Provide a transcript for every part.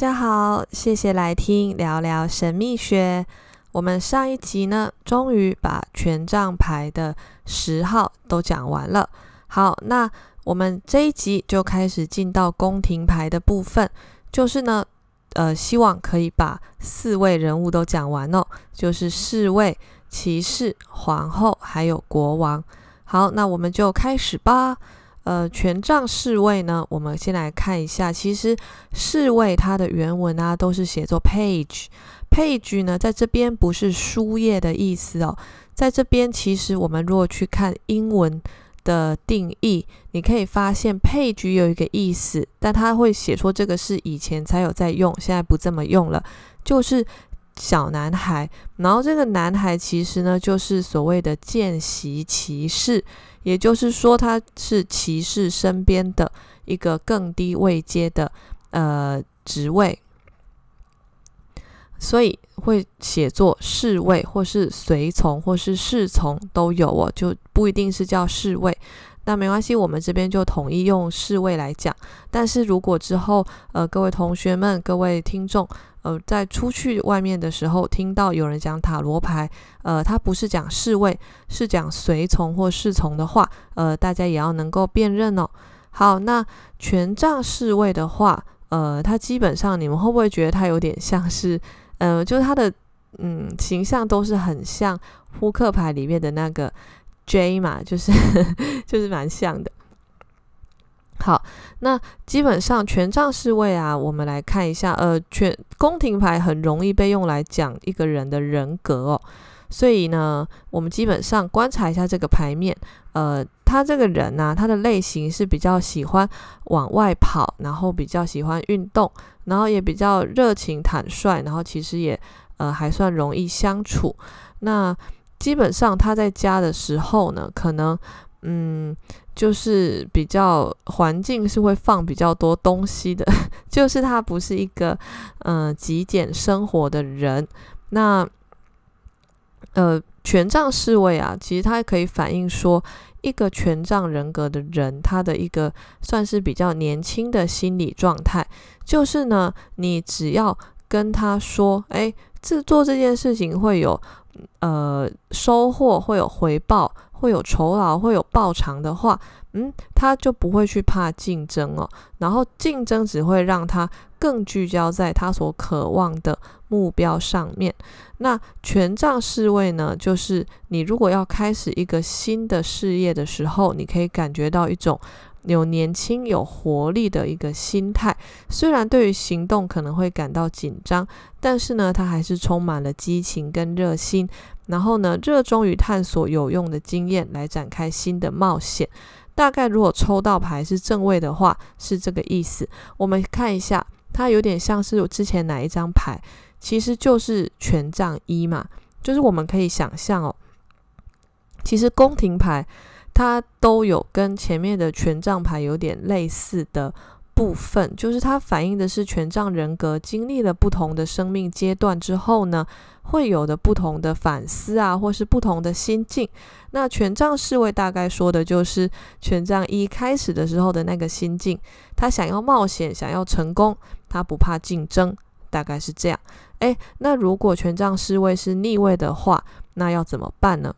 大家好，謝謝來聽聊聊神祕學。我們上一集呢，終於把權杖牌的十號都講完了。好，那我們這一集就開始進到宮廷牌的部分，就是呢，呃，希望可以把四位人物都講完哦，就是侍衛、騎士、皇後還有國王。好，那我們就開始吧。呃，權杖侍衛呢，我們先來看一下。其實侍衛它的原文啊，都是寫作 page。page 呢，在這邊不是書頁的意思哦，在這邊其實我們如果去看英文的定義，你可以發現 page 有一個意思，但它會寫出這個是以前才有在用，現在不這麼用了，就是小男孩。然後這個男孩其實呢，就是所謂的見習騎士。也就是說，他是騎士身邊的一個更低位階的呃職位，所以會寫作侍衛，或是隨從，或是侍從都有哦，就不一定是叫侍衛。那沒關係，我們這邊就統一用侍衛來講。但是如果之後呃，各位同學們，各位聽眾。呃，在出去外面的時候，聽到有人講塔羅牌，呃，他不是講侍衛，是講隨從或侍從的話，呃，大家也要能夠辨認哦。好，那權杖侍衛的話，呃，他基本上你們會不會覺得他有點像是，呃，就是他的，嗯，形象都是很像撲克牌裡面的那個 J 嘛，就是就是蠻像的。好，那基本上權杖侍衛啊，我們來看一下，呃，權宮廷牌很容易被用來講一個人的人格哦，所以呢，我們基本上觀察一下這個牌面，呃，他這個人呢，啊，他的類型是比較喜歡往外跑，然後比較喜歡運動，然後也比較熱情坦率，然後其實也呃還算容易相處。那基本上他在家的時候呢，可能。嗯，就是比較環境是會放比較多東西的，就是他不是一個嗯、呃、極簡生活的人。那呃權杖侍衛啊，其實他可以反映說一個權杖人格的人，他的一個算是比較年輕的心理狀態，就是呢，你只要跟他說，哎、欸，做這件事情會有。呃，收穫會有回報，會有酬勞，會有報償的話，嗯，他就不會去怕競爭哦。然後競爭只會讓他更聚焦在他所渴望的目標上面。那權杖侍衛呢，就是你如果要開始一個新的事業的時候，你可以感覺到一種。有年輕、有活力的一個心態，雖然對於行動可能會感到緊張，但是呢，他還是充滿了激情跟熱心。然後呢，熱衷於探索有用的經驗來展開新的冒險。大概如果抽到牌是正位的話，是這個意思。我們看一下，它有點像是我之前哪一張牌，其實就是權杖一嘛，就是我們可以想象哦，其實宮廷牌。它都有跟前面的權杖牌有點類似的部分，就是它反映的是權杖人格經歷了不同的生命階段之後呢，會有的不同的反思啊，或是不同的心境。那權杖侍衛大概說的就是權杖一開始的時候的那個心境，他想要冒險，想要成功，他不怕競爭，大概是這樣。誒，那如果權杖侍衛是逆位的話，那要怎麼辦呢？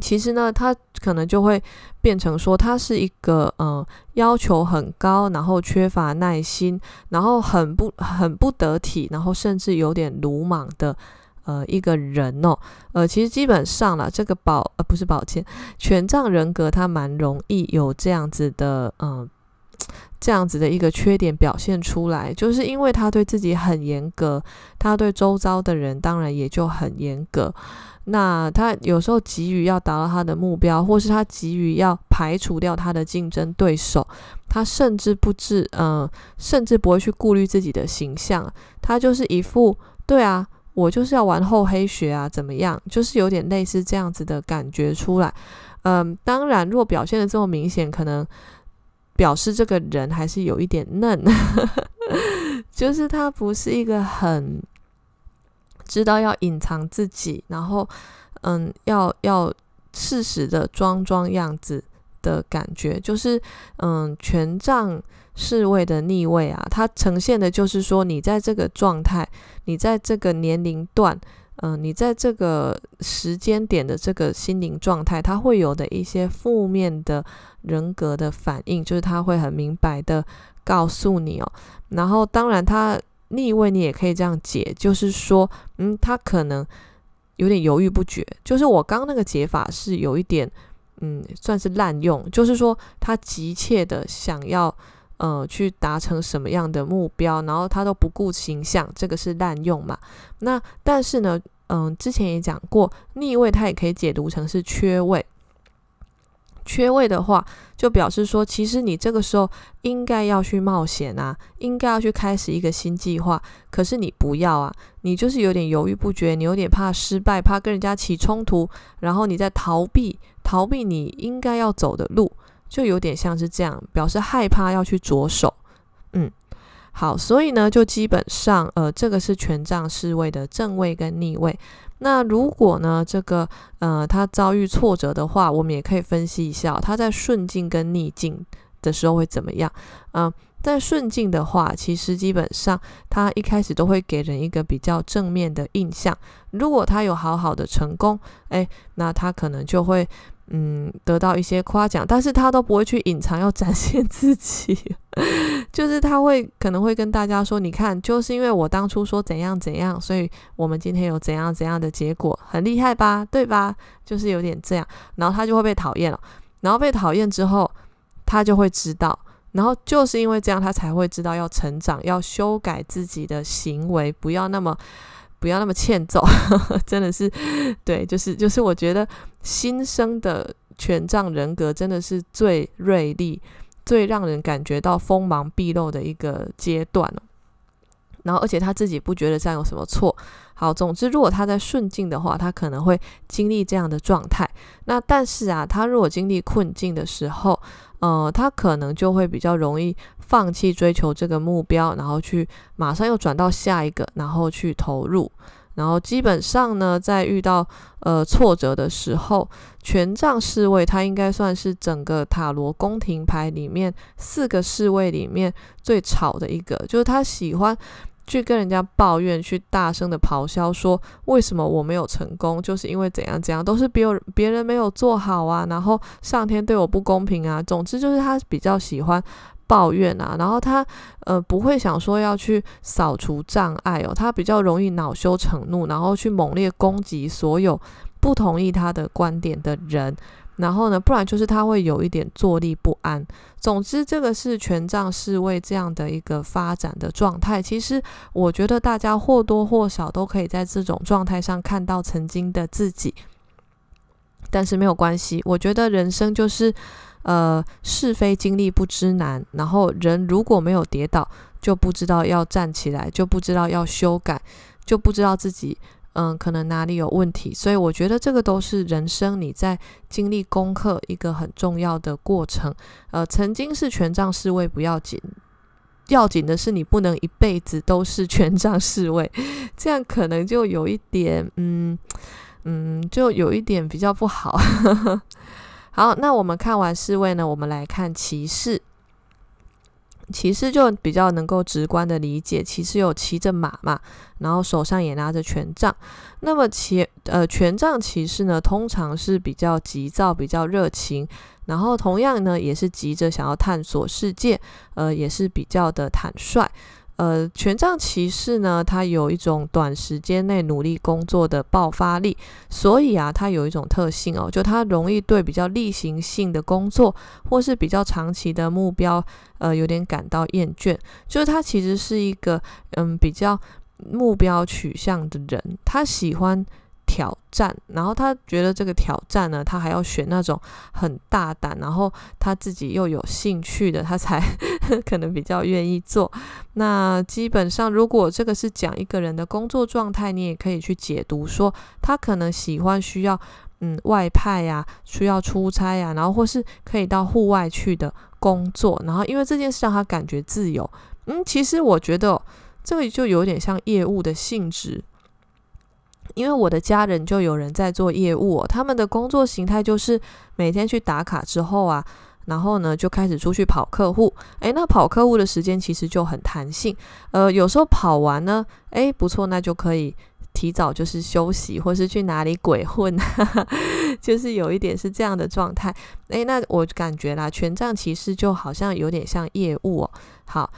其實呢，他可能就會變成說，他是一個嗯、呃，要求很高，然後缺乏耐心，然後很不很不得體，然後甚至有點魯莽的呃一個人哦。呃，其實基本上啦，這個寶呃不是寶劍，權杖人格他蠻容易有這樣子的嗯。呃這樣子的一個缺點表現出來，就是因為他對自己很嚴格，他對周遭的人當然也就很嚴格。那他有時候急於要達到他的目標，或是他急於要排除掉他的競爭對手，他甚至不知，嗯、呃，甚至不會去顧慮自己的形象，他就是一副對啊，我就是要玩厚黑學啊，怎麼樣，就是有點類似這樣子的感覺出來。嗯、呃，當然，若表現得這麼明顯，可能。表示這個人還是有一點嫩， 就是他不是一個很知道要隱藏自己，然後嗯，要要適時的裝裝樣子的感覺，就是嗯，權杖侍衛的逆位啊，它呈現的就是說你在這個狀態，你在這個年齡段。嗯、呃，你在這個時間點的這個心靈狀態，它會有的一些負面的人格的反應，就是他會很明白的告訴你哦。然後，當然，它逆位你也可以這樣解，就是說，嗯，他可能有點猶豫不決。就是我剛那個解法是有一點，嗯，算是濫用，就是說他急切的想要。呃，去達成什麼樣的目標，然後他都不顧形象，這個是濫用嘛？那但是呢，嗯、呃，之前也講過，逆位它也可以解讀成是缺位。缺位的話，就表示說，其實你這個時候應該要去冒險啊，應該要去開始一個新計劃，可是你不要啊，你就是有點猶豫不決，你有點怕失敗，怕跟人家起衝突，然後你在逃避，逃避你應該要走的路。就有點像是這樣，表示害怕要去着手。嗯，好，所以呢，就基本上，呃，這個是權杖侍衛的正位跟逆位。那如果呢，這個呃他遭遇挫折的話，我們也可以分析一下、哦、他在順境跟逆境的時候會怎麼樣。嗯、呃，在順境的話，其實基本上他一開始都會給人一個比較正面的印象。如果他有好好的成功，哎，那他可能就會。嗯，得到一些誇獎，但是他都不會去隱藏，要展現自己， 就是他會可能會跟大家說，你看，就是因為我當初說怎樣怎樣，所以我們今天有怎樣怎樣的結果，很厲害吧，對吧？就是有點這樣，然後他就會被討厭了，然後被討厭之後，他就會知道，然後就是因為這樣，他才會知道要成長，要修改自己的行為，不要那麼，不要那麼欠揍， 真的是，對，就是就是我覺得。新生的權杖人格真的是最銳利、最讓人感覺到鋒芒畢露的一個階段哦。然後，而且他自己不覺得這樣有什麼錯。好，總之，如果他在順境的話，他可能會經歷這樣的狀態。那但是啊，他如果經歷困境的時候，呃，他可能就會比較容易放棄追求這個目標，然後去馬上又轉到下一個，然後去投入。然後基本上呢，在遇到呃挫折的時候，權杖侍衛他應該算是整個塔羅宮廷牌裡面四個侍衛裡面最吵的一個，就是他喜歡去跟人家抱怨，去大聲的咆哮，說為什麼我沒有成功？就是因為怎樣怎樣，都是別人，別人沒有做好啊，然後上天對我不公平啊，總之就是他比較喜歡。抱怨啊，然後他呃不會想說要去掃除障礙哦，他比較容易惱羞成怒，然後去猛烈攻擊所有不同意他的觀點的人。然後呢，不然就是他會有一點坐立不安。總之，這個是權杖侍衛這樣的一個發展的狀態。其實我覺得大家或多或少都可以在這種狀態上看到曾經的自己，但是沒有關係。我覺得人生就是呃，事非經歷不知難，然後人如果沒有跌倒，就不知道要站起來，就不知道要修改，就不知道自己嗯、呃，可能哪裡有問題。所以我覺得這個都是人生你在經歷功課一個很重要的過程。呃，曾經是權杖侍衛不要緊，要緊的是你不能一輩子都是權杖侍衛，這樣可能就有一點嗯嗯，就有一點比較不好。 好，那我們看完侍衛呢，我們來看騎士。騎士就比較能夠直觀的理解，騎士有騎着馬嘛，然後手上也拿着權杖。那麼騎呃權杖騎士呢，通常是比較急躁、比較熱情，然後同樣呢也是急着想要探索世界，呃，也是比較的坦率。呃，權杖騎士呢，他有一種短時間內努力工作的爆發力，所以啊，他有一種特性哦，就他容易對比較例行性的工作或是比較長期的目標，呃，有點感到厭倦。就是他其實是一個嗯比較目標取向的人，他喜歡挑戰，然後他覺得這個挑戰呢，他還要選那種很大膽，然後他自己又有興趣的，他才 可能比較願意做。那基本上，如果這個是講一個人的工作狀態，你也可以去解讀說，他可能喜歡需要嗯外派呀、啊，需要出差呀、啊，然後或是可以到戶外去的工作，然後因為這件事讓他感覺自由。嗯，其實我覺得、哦、這個就有點像業務的性質。因為我的家人就有人在做業務哦，他們的工作形態就是每天去打卡之後啊，然後呢就開始出去跑客戶。誒，那跑客戶的時間其實就很彈性。呃，有時候跑完呢，誒，不錯，那就可以提早就是休息，或是去哪裡鬼混啊，呵呵，就是有一點是這樣的狀態。誒，那我感覺啦，權杖其實就好像有點像業務哦。好。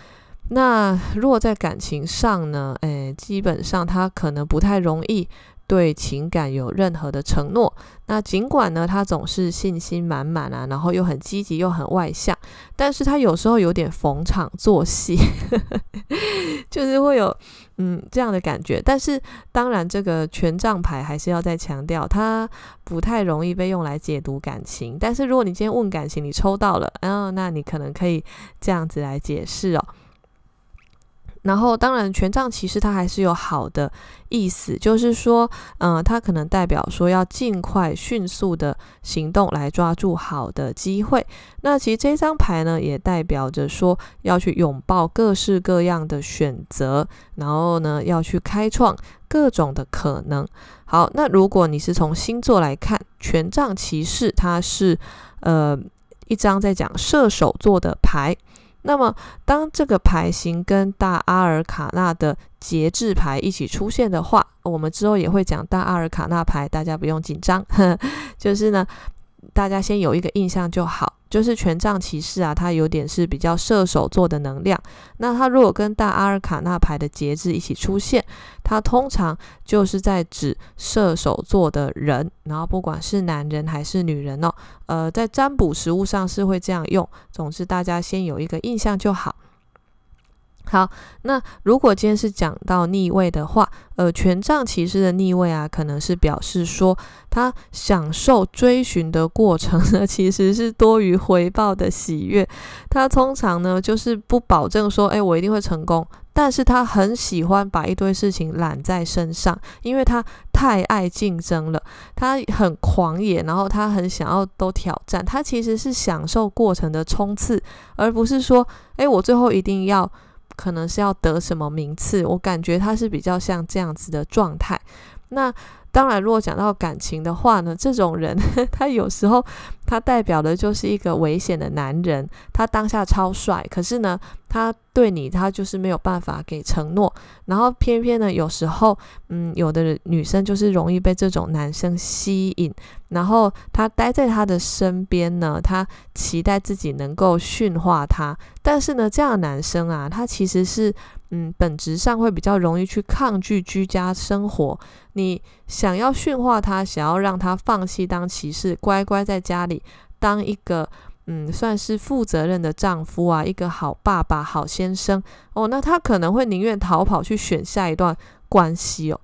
那如果在感情上呢？誒、哎，基本上他可能不太容易對情感有任何的承諾。那儘管呢，他總是信心滿滿啊，然後又很積極又很外向，但是他有時候有點逢場作戲， 就是會有嗯這樣的感覺。但是當然，這個權杖牌還是要再強調，它不太容易被用來解讀感情。但是如果你今天問感情，你抽到了，嗯、哦，那你可能可以這樣子來解釋哦。然後，當然，權杖騎士他還是有好的意思，就是說，嗯、呃，他可能代表說要盡快、迅速的行動來抓住好的機會。那其實這張牌呢，也代表着說要去擁抱各式各樣的選擇，然後呢，要去開創各種的可能。好，那如果你是從星座來看，權杖騎士他是呃一張在講射手座的牌。那麼，當這個牌型，跟大阿爾卡納的節制牌一起出現的話，我們之後也會講大阿爾卡納牌，大家不用緊張，呵呵，就是呢。大家先有一個印象就好，就是權杖騎士啊，它有點是比較射手座的能量。那它如果跟大阿爾卡納牌的節制一起出現，它通常就是在指射手座的人，然後不管是男人還是女人哦，呃，在占卜實務上是會這樣用。總之，大家先有一個印象就好。好，那如果今天是講到逆位的話，呃，權杖騎士的逆位啊，可能是表示說他享受追尋的過程呢，其實是多於回報的喜悅。他通常呢就是不保證說，誒，欸，我一定會成功，但是他很喜歡把一堆事情攬在身上，因為他太愛競爭了，他很狂野，然後他很想要都挑戰，他其實是享受過程的衝刺，而不是說，誒，欸，我最後一定要。可能是要得什麼名次，我感覺他是比較像這樣子的狀態。那。當然，如果講到感情的話呢，這種人他有時候他代表的就是一個危險的男人。他當下超帥，可是呢，他對你他就是沒有辦法給承諾。然後偏偏呢，有時候嗯，有的女生就是容易被這種男生吸引，然後他待在他的身邊呢，他期待自己能夠馴化他。但是呢，這樣的男生啊，他其實是。嗯，本質上會比較容易去抗拒居家生活，你想要馴化他，想要讓他放棄當騎士，乖乖在家裡當一個嗯，算是負責任的丈夫啊，一個好爸爸、好先生哦。那他可能會寧願逃跑去選下一段關係哦。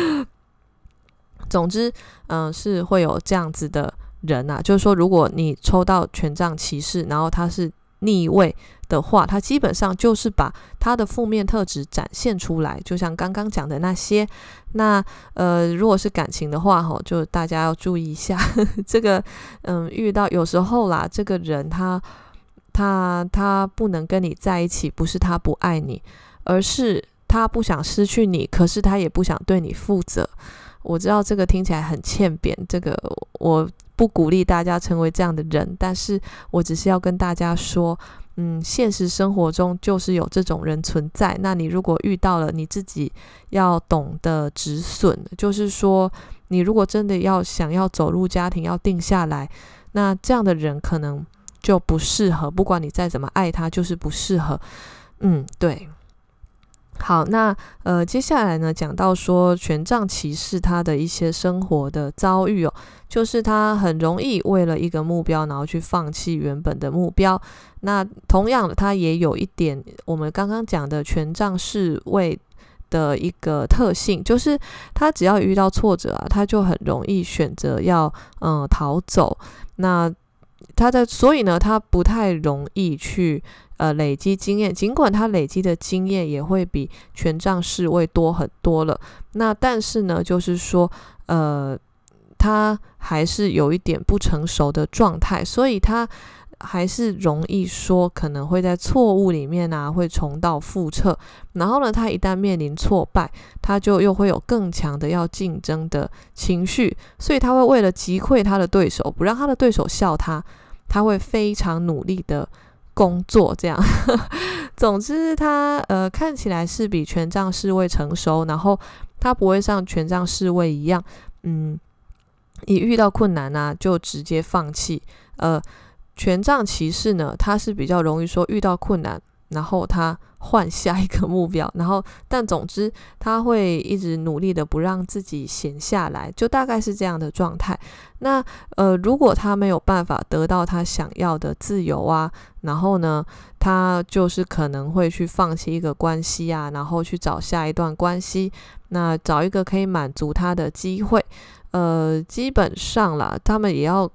總之，嗯，是會有這樣子的人啊。就是說，如果你抽到權杖騎士，然後他是。逆位的話，他基本上就是把他的負面特質展現出來，就像剛剛講的那些。那呃，如果是感情的話，吼，就大家要注意一下呵呵這個。嗯，遇到有時候啦，這個人他他他不能跟你在一起，不是他不愛你，而是他不想失去你，可是他也不想對你負責。我知道這個聽起來很欠扁，這個我不鼓勵大家成為這樣的人，但是我只是要跟大家說，嗯，現實生活中就是有這種人存在。那你如果遇到了，你自己要懂得止損，就是說你如果真的要想要走入家庭，要定下來，那這樣的人可能就不適合。不管你再怎麼愛他，就是不適合。嗯，對。好，那呃，接下來呢，講到說，權杖騎士他的一些生活的遭遇哦，就是他很容易為了一個目標，然後去放棄原本的目標。那同樣的，他也有一點我們剛剛講的權杖侍衛的一個特性，就是他只要遇到挫折啊，他就很容易選擇要嗯逃走。那他在所以呢，他不太容易去。呃，累積經驗，儘管他累積的經驗也會比權杖侍衛多很多了，那但是呢，就是說，呃，他還是有一點不成熟的狀態，所以他還是容易說可能會在錯誤裡面啊，會重蹈覆轍。然後呢，他一旦面臨挫敗，他就又會有更強的要競爭的情緒，所以他會為了擊潰他的對手，不讓他的對手笑他，他會非常努力的。工作這樣， 總之他呃看起來是比權杖侍衛成熟，然後他不會像權杖侍衛一樣，嗯，一遇到困難呢，啊，就直接放棄。呃，權杖騎士呢，他是比較容易說遇到困難。然後他換下一個目標，然後但總之他會一直努力的，不讓自己閒下來，就大概是這樣的狀態。那呃，如果他沒有辦法得到他想要的自由啊，然後呢，他就是可能會去放棄一個關係啊，然後去找下一段關係，那找一個可以滿足他的機會。呃，基本上啦，他們也要，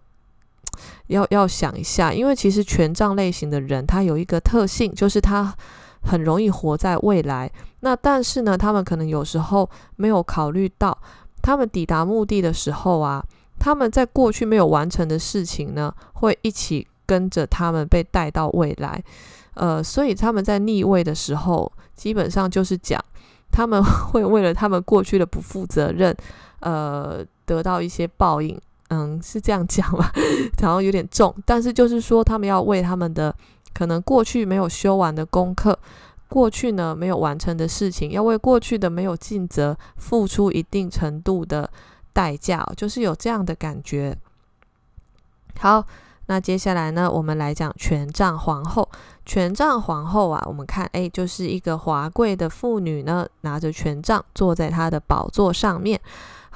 要要想一下，因為其實權杖類型的人，他有一個特性，就是他很容易活在未來。那但是呢，他們可能有時候沒有考慮到，他們抵達目的的時候啊，他們在過去沒有完成的事情呢，會一起跟着他們被帶到未來。呃，所以他們在逆位的時候，基本上就是講他們會為了他們過去的不負責任，呃，得到一些報應。嗯，是這樣講嘛， 然後有點重，但是就是說他們要為他們的可能過去沒有修完的功課，過去呢沒有完成的事情，要為過去的沒有盡責付出一定程度的代價哦，就是有這樣的感覺。好，那接下來呢，我們來講權杖皇後。權杖皇後啊，我們看，誒，就是一個華貴的婦女呢，拿着權杖坐在她的寶座上面。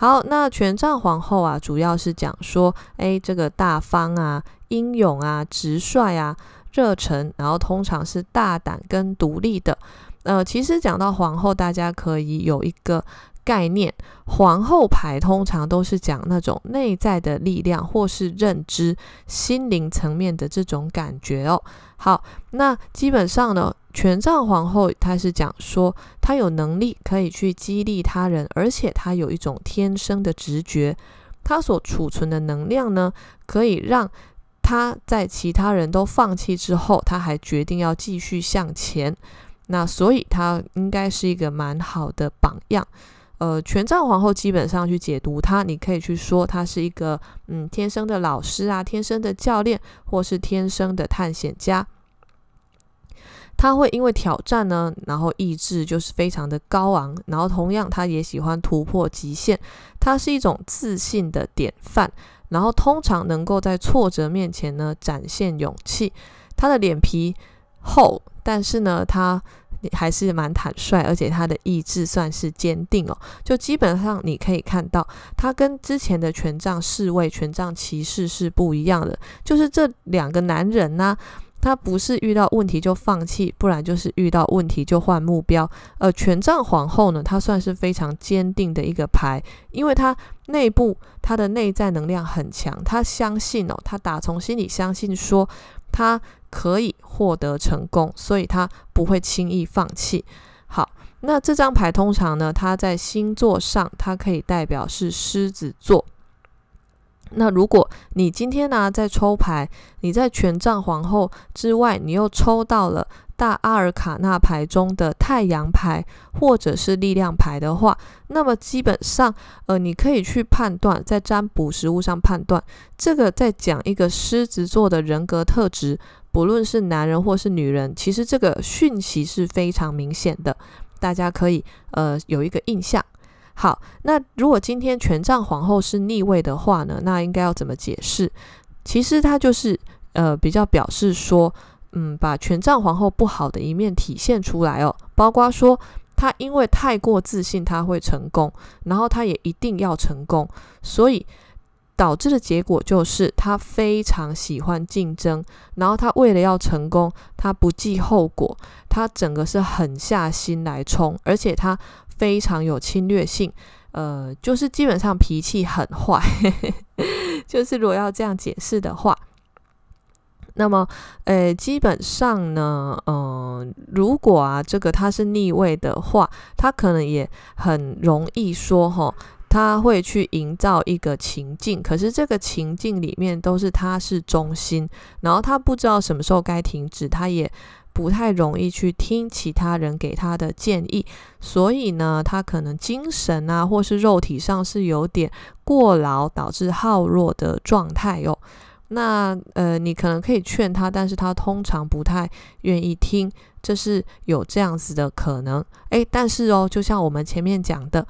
好，那權杖皇後啊，主要是講說，誒，這個大方啊，英勇啊，直率啊，熱忱，然後通常是大膽跟獨立的。呃，其實講到皇後，大家可以有一個概念，皇後牌通常都是講那種內在的力量，或是認知、心靈層面的這種感覺哦。好，那基本上呢，權杖皇後她是講說，她有能力可以去激勵他人，而且她有一種天生的直覺，她所儲存的能量呢，可以讓她在其他人都放棄之後，她還決定要繼續向前。那所以她應該是一個蠻好的榜樣。呃，權杖皇后基本上去解讀他。你可以去說他是一個嗯，天生的老師啊，天生的教練，或是天生的探險家。他會因為挑戰呢，然後意志就是非常的高昂，然後同樣他也喜歡突破極限。他是一種自信的典範，然後通常能夠在挫折面前呢，展現勇氣。他的臉皮厚，但是呢，他……還是蠻坦率，而且他的意志算是堅定哦。就基本上你可以看到，他跟之前的權杖侍衛、權杖騎士是不一樣的。就是這兩個男人呢、啊，他不是遇到問題就放棄，不然就是遇到問題就換目標。而、呃、權杖皇後呢，她算是非常堅定的一個牌，因為她內部她的內在能量很強，她相信哦，她打從心裡相信說她可以。獲得成功，所以他不會輕易放棄。好，那這張牌通常呢，它在星座上，它可以代表是獅子座。那如果你今天呢、啊、在抽牌，你在權杖皇後之外，你又抽到了大阿爾卡納牌中的太陽牌或者是力量牌的話，那麼基本上，呃，你可以去判斷，在占卜實務上判斷，這個在講一個獅子座的人格特質。不論是男人或是女人，其實這個訊息是非常明顯的，大家可以呃有一個印象。好，那如果今天權杖皇後是逆位的話呢，那應該要怎麼解釋？其實它就是呃比較表示說，嗯，把權杖皇後不好的一面體現出來哦，包括說他因為太過自信他會成功，然後他也一定要成功，所以。導致的結果就是他非常喜歡競爭，然後他為了要成功，他不計後果，他整個是狠下心來衝，而且他非常有侵略性，呃，就是基本上脾氣很壞， 就是如果要這樣解釋的話，那麼呃，基本上呢，嗯、呃，如果啊這個他是逆位的話，他可能也很容易說、哦他會去營造一個情境，可是這個情境裡面都是他是中心，然後他不知道什麼時候該停止，他也不太容易去聽其他人給他的建議，所以呢，他可能精神啊，或是肉體上是有點過勞導致耗弱的狀態哦。那呃，你可能可以勸他，但是他通常不太願意聽，這是有這樣子的可能。哎，但是哦，就像我們前面講的。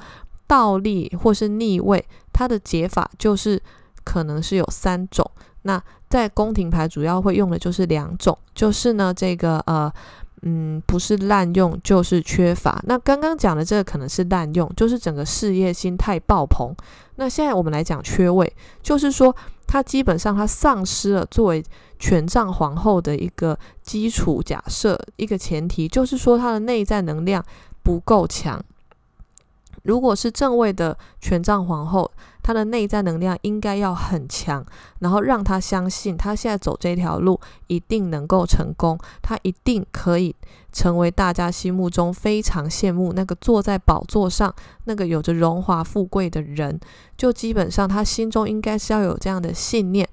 倒立或是逆位，它的解法就是可能是有三種。那在宮廷牌主要會用的就是兩種，就是呢這個呃嗯，不是濫用，就是缺乏。那剛剛講的這個可能是濫用，就是整個事業心太爆棚。那現在我們來講缺位，就是說它基本上它喪失了作為權杖皇後的一個基礎假設，一個前提，就是說它的內在能量不夠強。如果是正位的權杖皇後，她的內在能量應該要很強，然後讓她相信她現在走這條路一定能夠成功，她一定可以成為大家心目中非常羨慕那個坐在寶座上、那個有着榮華富貴的人。就基本上，她心中應該是要有這樣的信念。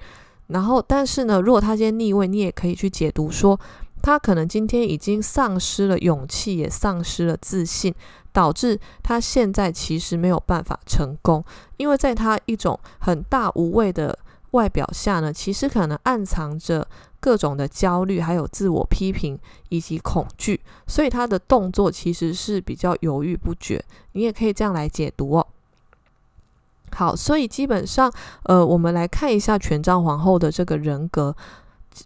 然後，但是呢，如果她今天逆位，你也可以去解讀說。他可能今天已經喪失了勇氣，也喪失了自信，導致他現在其實沒有辦法成功。因為在他一種很大無畏的外表下呢，其實可能暗藏着各種的焦慮，還有自我批評以及恐懼。所以他的動作其實是比較猶豫不決。你也可以這樣來解讀哦。好，所以基本上，呃，我們來看一下權杖皇後的這個人格。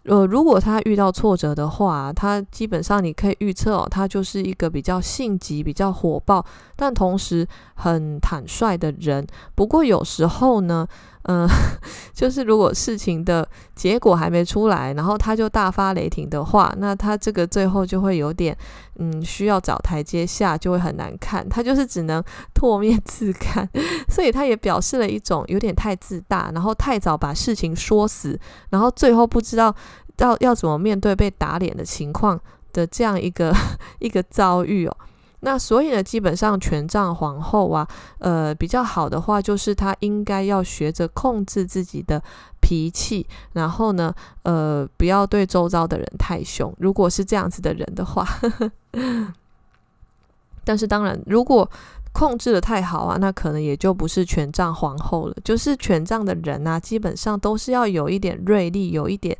呃，如果他遇到挫折的話，他基本上你可以預測哦，他就是一個比較性急，比較火爆，但同時很坦率的人。不過有時候呢，嗯，就是如果事情的結果還沒出來，然後他就大發雷霆的話，那他這個最後就會有點，嗯，需要找台階下，就會很難看。他就是只能唾面自乾，所以他也表示了一種有點太自大，然後太早把事情說死，然後最後不知道要要怎麼面對被打臉的情況的這樣一個一個遭遇哦。那所以呢，基本上權杖皇後啊，呃，比較好的話就是她應該要學着控制自己的脾氣，然後呢，呃，不要對周遭的人太凶。如果是這樣子的人的話，呵呵。但是當然，如果控制得太好啊，那可能也就不是權杖皇後了。就是權杖的人啊，基本上都是要有一點銳利，有一點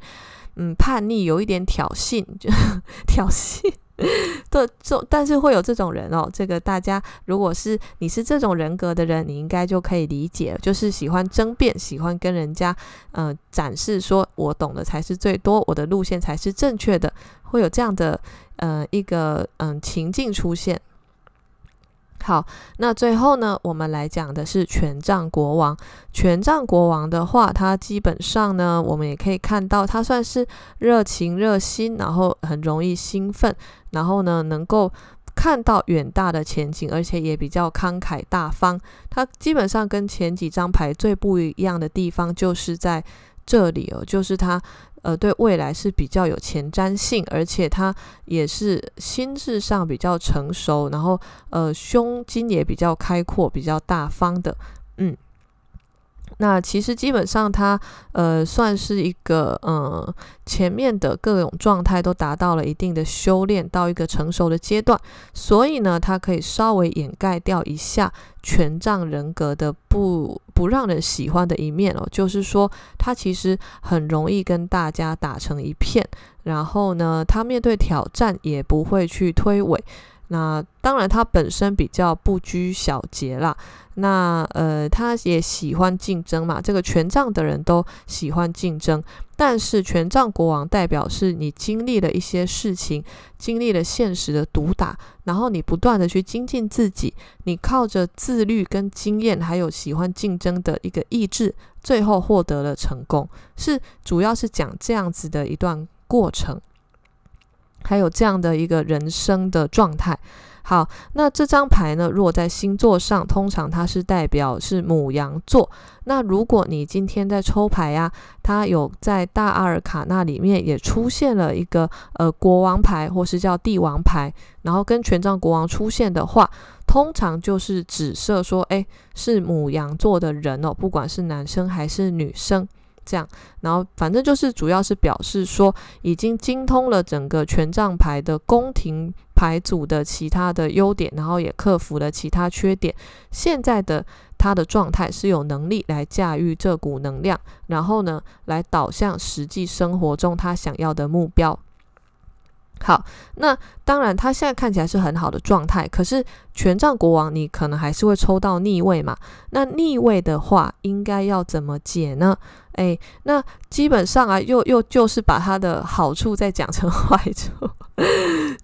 嗯叛逆，有一點挑釁，呵呵，挑釁。 對，就但是會有這種人哦。這個大家如果是你是這種人格的人，你應該就可以理解，就是喜歡爭辯，喜歡跟人家嗯、呃、展示說，我懂的才是最多，我的路線才是正確的，會有這樣的嗯、呃、一個嗯、呃、情境出現。好，那最後呢，我們來講的是權杖國王。權杖國王的話，他基本上呢，我們也可以看到，他算是熱情熱心，然後很容易興奮，然後呢，能夠看到遠大的前景，而且也比較慷慨大方。他基本上跟前幾張牌最不一樣的地方就是在這裡哦，就是他。呃，對未來是比較有前瞻性，而且他也是心智上比較成熟，然後呃，胸襟也比較開闊，比較大方的。那其實基本上，他呃算是一個嗯、呃，前面的各種狀態都達到了一定的修煉，到一個成熟的階段，所以呢，他可以稍微掩蓋掉一下權杖人格的不不讓人喜歡的一面哦。就是說，他其實很容易跟大家打成一片，然後呢，他面對挑戰也不會去推諉。那當然，他本身比較不拘小節啦。那呃，他也喜歡競爭嘛。這個權杖的人都喜歡競爭，但是權杖國王代表是你經歷了一些事情，經歷了現實的毒打，然後你不斷地去精進自己，你靠着自律跟經驗，還有喜歡競爭的一個意志，最後獲得了成功。是主要是講這樣子的一段過程。還有這樣的一個人生的狀態。好，那這張牌呢？如果在星座上，通常它是代表是牡羊座。那如果你今天在抽牌呀、啊，它有在大阿爾卡納裡面也出現了一個呃國王牌，或是叫帝王牌，然後跟權杖國王出現的話，通常就是指涉說，誒、欸，是牡羊座的人哦，不管是男生還是女生。這樣，然後反正就是主要是表示說，已經精通了整個權杖牌的宮廷牌組的其他的優點，然後也克服了其他缺點。現在的他的狀態是有能力來駕馭這股能量，然後呢，來導向實際生活中他想要的目標。好，那當然他現在看起來是很好的狀態，可是權杖國王你可能還是會抽到逆位嘛？那逆位的話，應該要怎麼解呢？誒，那基本上啊，又又就是把他的好處再講成壞處，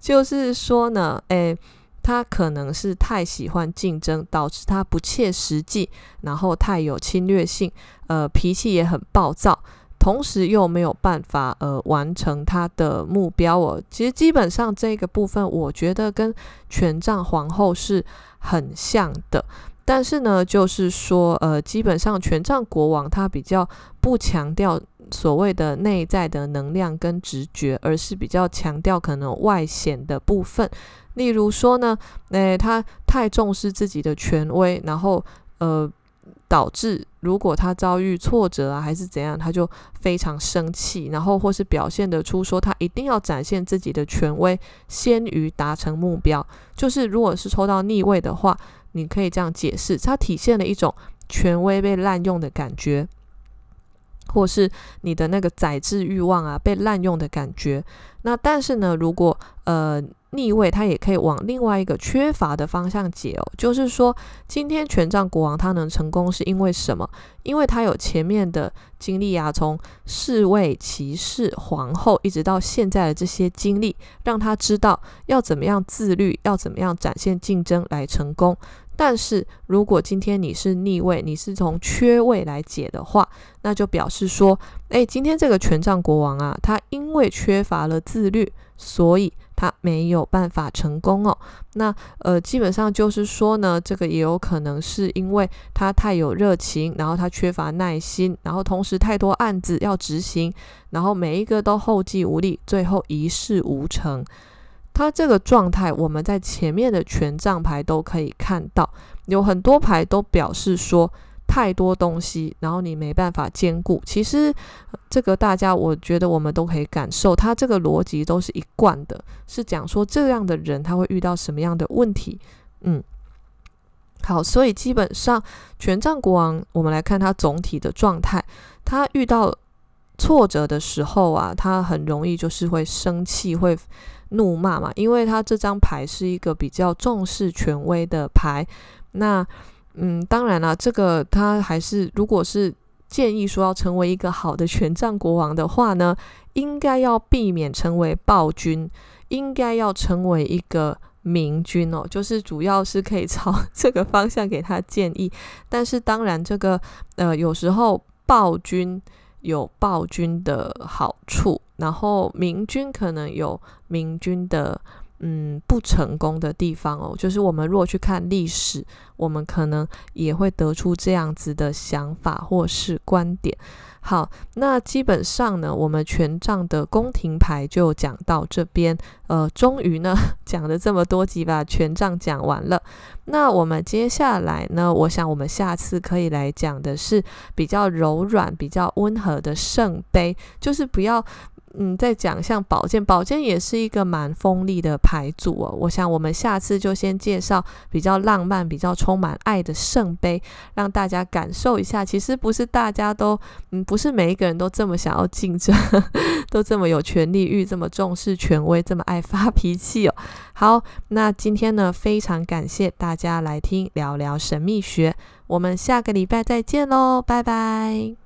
就是說呢，誒，他可能是太喜歡競爭，導致他不切實際，然後太有侵略性，呃，脾氣也很暴躁，同時又沒有辦法呃完成他的目標。哦，其實基本上這個部分，我覺得跟權杖皇後是很像的。但是呢，就是說，呃，基本上權杖國王他比較不強調所謂的內在的能量跟直覺，而是比較強調可能外顯的部分。例如說呢，誒、呃，他太重視自己的權威，然後呃，導致如果他遭遇挫折啊，還是怎樣，他就非常生氣，然後或是表現得出說他一定要展現自己的權威，先於達成目標，就是如果是抽到逆位的話。你可以這樣解釋，它體現了一種權威被濫用的感覺，或是你的那個宰制欲望啊被濫用的感覺。那但是呢，如果呃。逆位，他也可以往另外一個缺乏的方向解哦。就是說，今天權杖國王他能成功是因為什麼？因為他有前面的經歷啊，從侍衛、騎士、皇後一直到現在的這些經歷，讓他知道要怎麼樣自律，要怎麼樣展現競爭來成功。但是如果今天你是逆位，你是從缺位來解的話，那就表示說，誒，今天這個權杖國王啊，他因為缺乏了自律，所以。他沒有辦法成功哦，那呃，基本上就是說呢，這個也有可能是因為他太有熱情，然後他缺乏耐心，然後同時太多案子要執行，然後每一個都後繼無力，最後一事無成。他這個狀態，我們在前面的權杖牌都可以看到，有很多牌都表示說。太多東西，然後你沒辦法兼顧。其實這個大家，我覺得我們都可以感受，他這個邏輯都是一貫的，是講說這樣的人他會遇到什麼樣的問題。嗯，好，所以基本上權杖國王，我們來看他總體的狀態。他遇到挫折的時候啊，他很容易就是會生氣，會怒罵嘛，因為他這張牌是一個比較重視權威的牌。那嗯，當然了，這個他還是，如果是建議說要成為一個好的權杖國王的話呢，應該要避免成為暴君，應該要成為一個明君哦，就是主要是可以朝這個方向給他建議。但是當然，這個呃，有時候暴君有暴君的好處，然後明君可能有明君的。嗯，不成功的地方哦，就是我們若去看歷史，我們可能也會得出這樣子的想法或是觀點。好，那基本上呢，我們權杖的宮廷牌就講到這邊。呃，終於呢，講了這麼多集吧，權杖講完了。那我們接下來呢，我想我們下次可以來講的是比較柔軟、比較溫和的聖杯，就是不要。嗯，再講像寶劍，寶劍也是一個蠻鋒利的牌組哦。我想我們下次就先介紹比較浪漫、比較充滿愛的聖杯，讓大家感受一下。其實不是大家都，嗯，不是每一個人都這麼想要競爭，呵呵，都這麼有權力欲，這麼重視權威，這麼愛發脾氣哦。好，那今天呢，非常感謝大家來聽聊聊神秘學，我們下個禮拜再見嘍，拜拜。